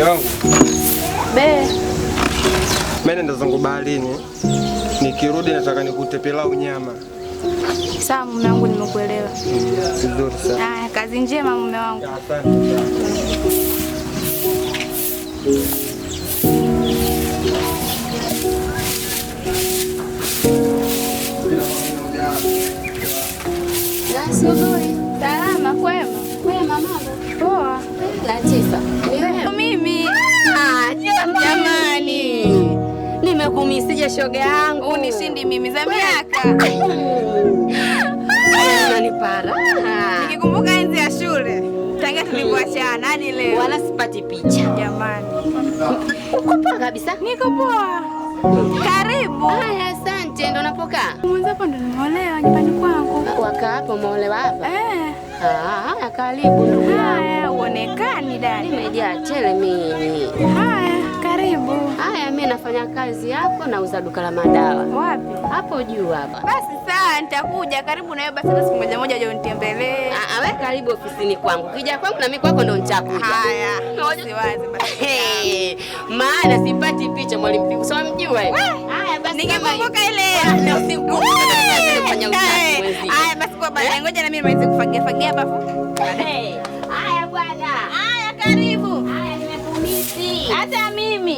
mke wangu be mimi ndo zangu baharini, nikirudi nataka nikute pilau nyama. Sawa mume wangu, nimekuelewa mm, vizuri sana. Haya, kazi njema mume wangu. Asubuhi salama. Kwema? Kwema mama. Poa. Latifa nimekumisije shoga yangu, unishindi oh. mimi za miaka nanipara nikikumbuka enzi ya shule tangia tulipoachana hadi leo, wala sipati picha. Jamani, uko poa kabisa? Niko poa. Karibu. Haya, asante. Ndo napokaa mwenzapo, ndo nimeolewa nyumbani kwangu. Waka hapo umeolewa hapa? Eh. Ah, karibu. Haya, uonekani dani, nimejaa tele mimi karibu. Haya, mimi nafanya kazi hapo, nauza duka la madawa. Wapi? Hapo juu hapa. Basi sawa, nitakuja karibu na wewe basi, hata siku moja moja uje unitembelee. Ah, ah, wewe karibu ofisini kwangu, kija kwangu na mimi kwako ndo nitakuja. Haya, wazi basi. maana sipati picha mwalimu Pingu, sawa mjua. wewe. Haya basi, ningekumbuka ile ah, na usiku kufanya usafi Haya basi, kwa baba, eh? ngoja na mimi niweze kufagia fagia hapo. Haya bwana. Haya karibu. Hata mimi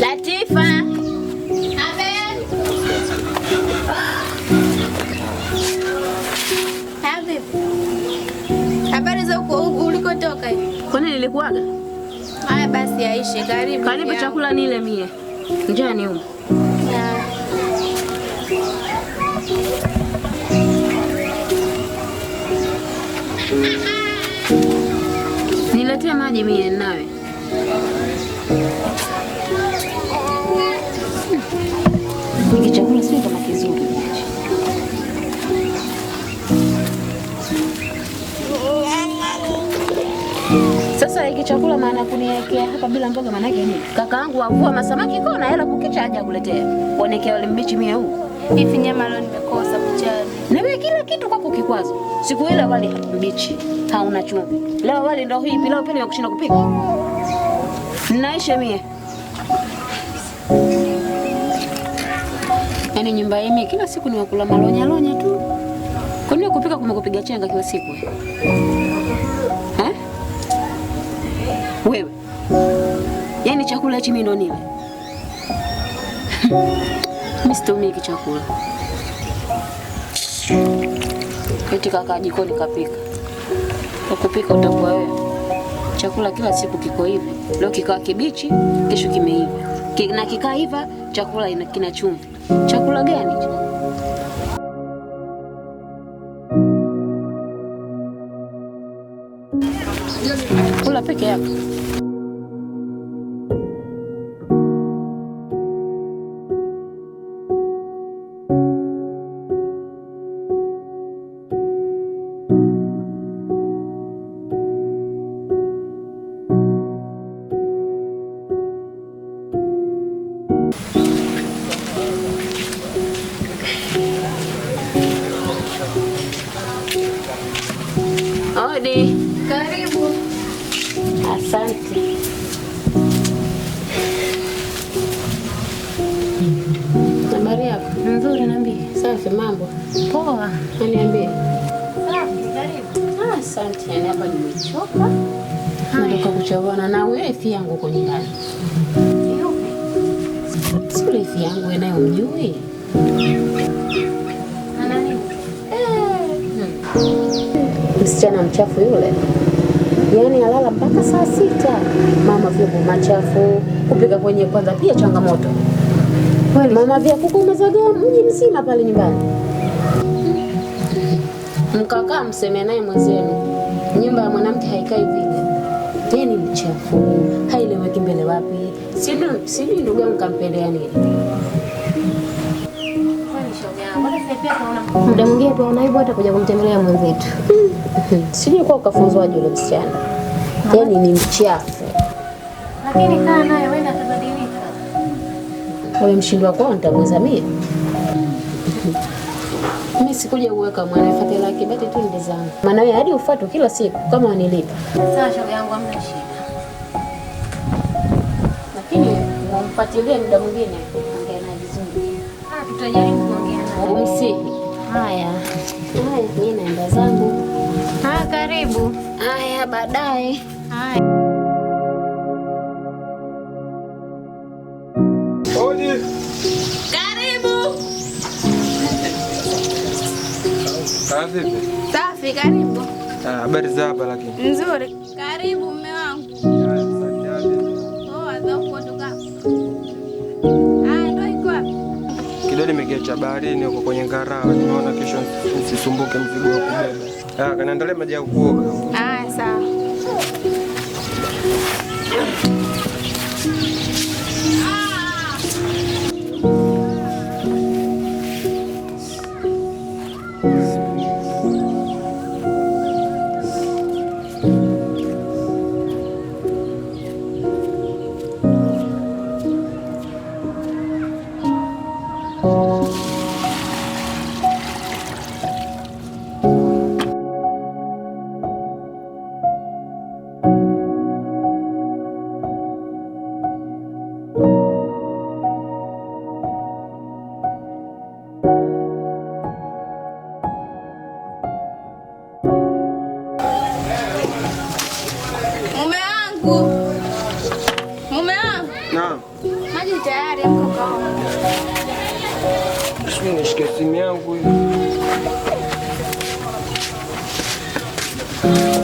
Latifa habari ulikotoka? Kwani nilikuaga? Haya basi, yaishi karibu karibu, chakula nile mie Njaa niuma. Niletee maji mimi ninawe. Hiki chakula sio kama kizuri. sasa hiki chakula maana kuniwekea hapa bila mboga maana yake nini? Kaka Kakaangu avua masamaki kwa na hela kukicha aje akuletee. Kuonekea wale mbichi mie huu. Hivi nyama leo nimekosa kuchana. Na wewe kila kitu kwako kikwazo. Siku ile wali mbichi, hauna chumvi. Leo wali ndio hii pilau pili ya kushinda kupika. Naisha mie. Yaani nyumba yemi kila siku ni wakula malonya lonya tu. Kwa nini kupika kumekupiga chenga kila siku? Wewe yaani chakula hichi mimi ndo nile? Mimi situmii hiki chakula. kati kaka jikoni kapika, ukupika utakuwa wewe. Chakula kila siku kiko hivi, leo kikawa kibichi, kesho kimeiva, na kikaa hiva chakula kina chumvi. Chakula gani? kayak Oh, ini. Asante. Habari yako? Nzuri naambie. Safi, mambo poa. Niambie. Asante. Yani hapa nimechoka, nataka kuchavana na wewe. Ifi yangu uko nyumbani? Sio ifi yangu anayomjui eh. hmm. msichana mchafu yule yaani alala mpaka saa sita, mama vyombo machafu, kupika kwenye kwanza pia changamoto kweli, mama vya kuku umezaga mji mzima pale nyumbani, mkakaa mseme naye mwenzenu. Nyumba ya mwanamke haikai vile, yeye mchafu, haileweki mbele wapi, sijui ndugu yangu kampelea nini muda mwingine tunaona hivyo hata kuja kumtembelea mwenzetu. Sijui kwa ukafunzwaje yule msichana, yaani ni mchafu. Lakini kaa naye wewe, atabadilika. Wewe mshindwa kwao nitamweza mimi. Mimi sikuja uweka mwana fate laki bete tu ndio zangu. Maana wewe hadi ufuate kila siku kama wanilipa. Sasa shoga yangu hamna shida. Lakini mumpatilie muda mwingine ongea naye vizuri. Ah, tutajaribu kumsihi. Haya, haya, mimi naenda zangu. Haya, karibu. Haya, baadaye. Haya. Oje. Karibu. Safi. Safi, karibu. Ah, habari za hapa lakini. Nzuri. Karibu. kile cha baharini huko kwenye ngarawa, nimeona kesho nisisumbuke mzigo wa kubeba. Ah, kanaendelea maji ya kuoga. Thank you.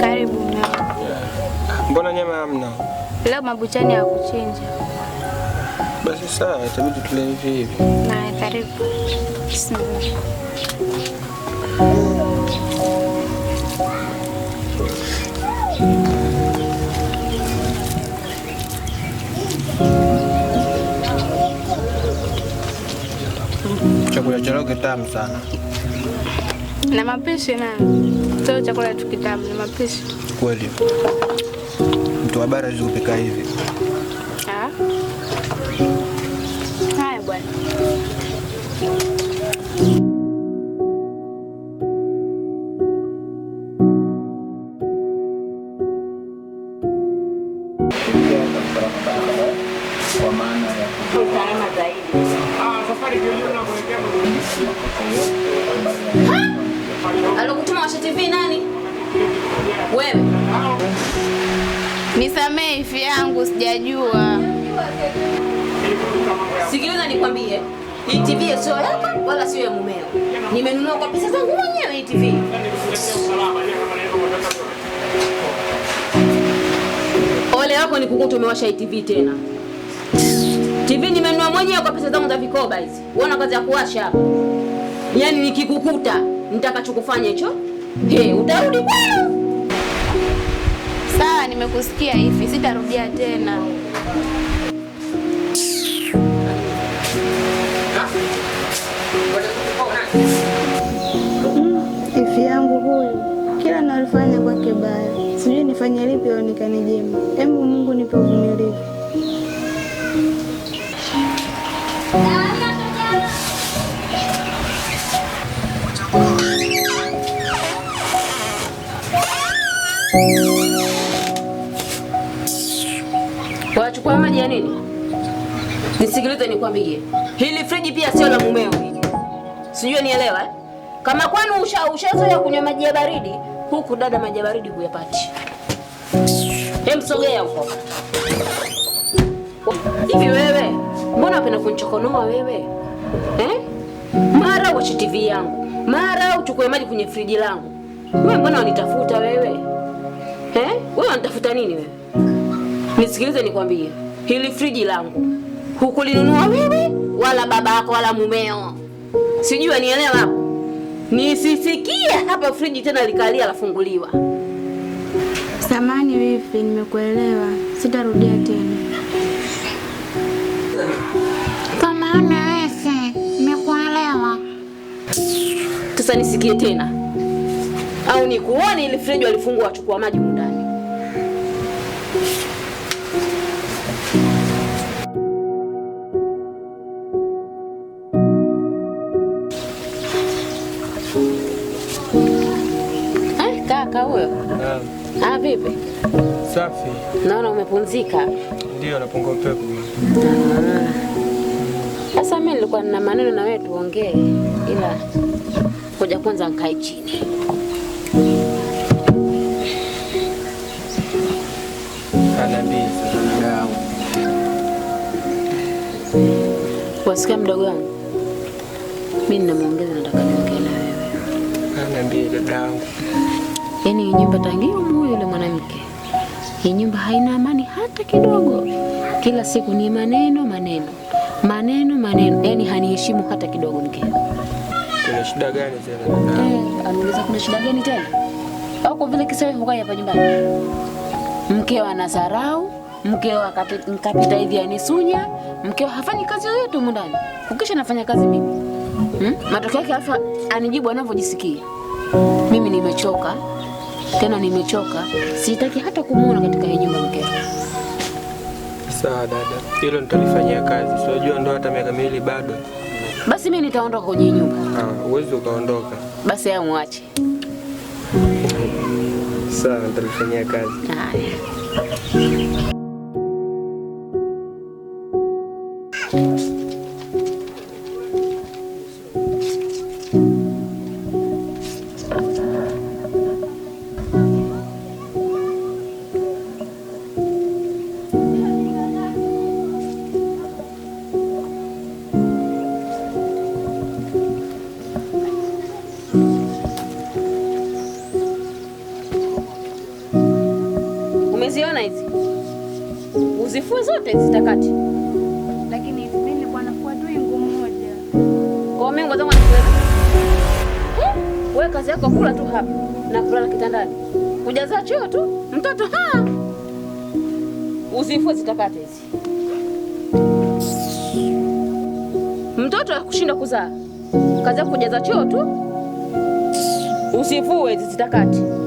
Karibu mnao. Mbona nyama hamna? Leo mabuchani hakuchinja. Basi saa itabidi tule hivi hivi. Na karibu. Bismillah. chakula chao kitamu sana na mapishi na sio chakula tu kitamu, na mapishi kweli. Mtu wa bara hawezi kupika hivi. Ah? Haya bwana. life yangu sijajua. Sikiliza nikwambie, hii TV sio yako wala sio ya mumeo. Nimenunua kwa pesa zangu mwenyewe hii TV. Ole wako ni kukuta umewasha hii TV tena. TV nimenunua mwenyewe kwa pesa zangu za vikoba hizi. Uona kazi ya kuwasha hapa. Yaani nikikukuta nitakachokufanya hicho. Eh, utarudi kwangu. Sawa, nimekusikia hivi, sitarudia tena. Hmm, ifi yangu huyu kila nalifanya kwake baya, sijui nifanye lipi aonekane jema. Hebu Mungu nipe uvumilivu. kuchukua maji ya nini? Nisikilize nikwambie, hili friji pia sio la mumeo, sijui nielewa eh? Kama kwani ushazoea kunywa maji ya baridi, huku dada, maji ya baridi huyapati. Hemsogea huko hivi. Wewe mbona unapenda kunichokonoa wewe eh? Mara uache TV yangu, mara uchukue maji kwenye friji langu. Wewe mbona unanitafuta wewe eh? Wewe unanitafuta nini wewe? Nisikilize nikwambie, hili friji langu hukulinunua wewe wala baba yako wala mumeo, sijui anielewa hapo. Nisisikie hapa friji tena likalia lafunguliwa. Samani wifi, nimekuelewa, sitarudia tena. maana wifi, nimekuelewa. Sasa nisikie tena, au nikuone, ili friji walifungua wachukua maji Ah, vipi? Safi. Naona umepumzika. Ndio, napunga upepo. Ah. Sasa mimi nilikuwa nina maneno na wewe tuongee, ila ngoja kwanza nikae chini. Wasikia mdogo wangu, mimi nina maongezi nataka niongee na wewe. yaani nyumba tangia hii nyumba haina amani hata kidogo. Kila siku ni maneno maneno maneno maneno, yani haniheshimu hata kidogo. mke. kuna shida gani tena? Eh, anauliza kuna shida gani tena? Au kwa vile kisawe hukai hapa nyumbani, mkeo anasarau, mkeo akapita hivi anisunya, mkeo hafanyi kazi yoyote humu ndani, ukisha nafanya kazi mimi hmm? Matokeo yake alafu anijibu anavyojisikia. Mimi nimechoka tena nimechoka, sitaki hata kumwona katika hii nyumba mke. Sawa dada, hilo nitalifanyia kazi. Sijajua ndo hata miaka miwili bado. Basi mimi nitaondoka kwenye nyumba. Ah, uwezi ukaondoka. Basi ya muache. Sawa, nitalifanyia kazi. Haya. Mimi mwenzangu anakuelewa. Wewe kazi yako kula tu hapa na kulala kitandani. Kujaza choo tu mtoto ha. Uzifue zitapata hizi. Mtoto akushinda kuzaa. Kazi yako kujaza choo tu. Usifue zitakati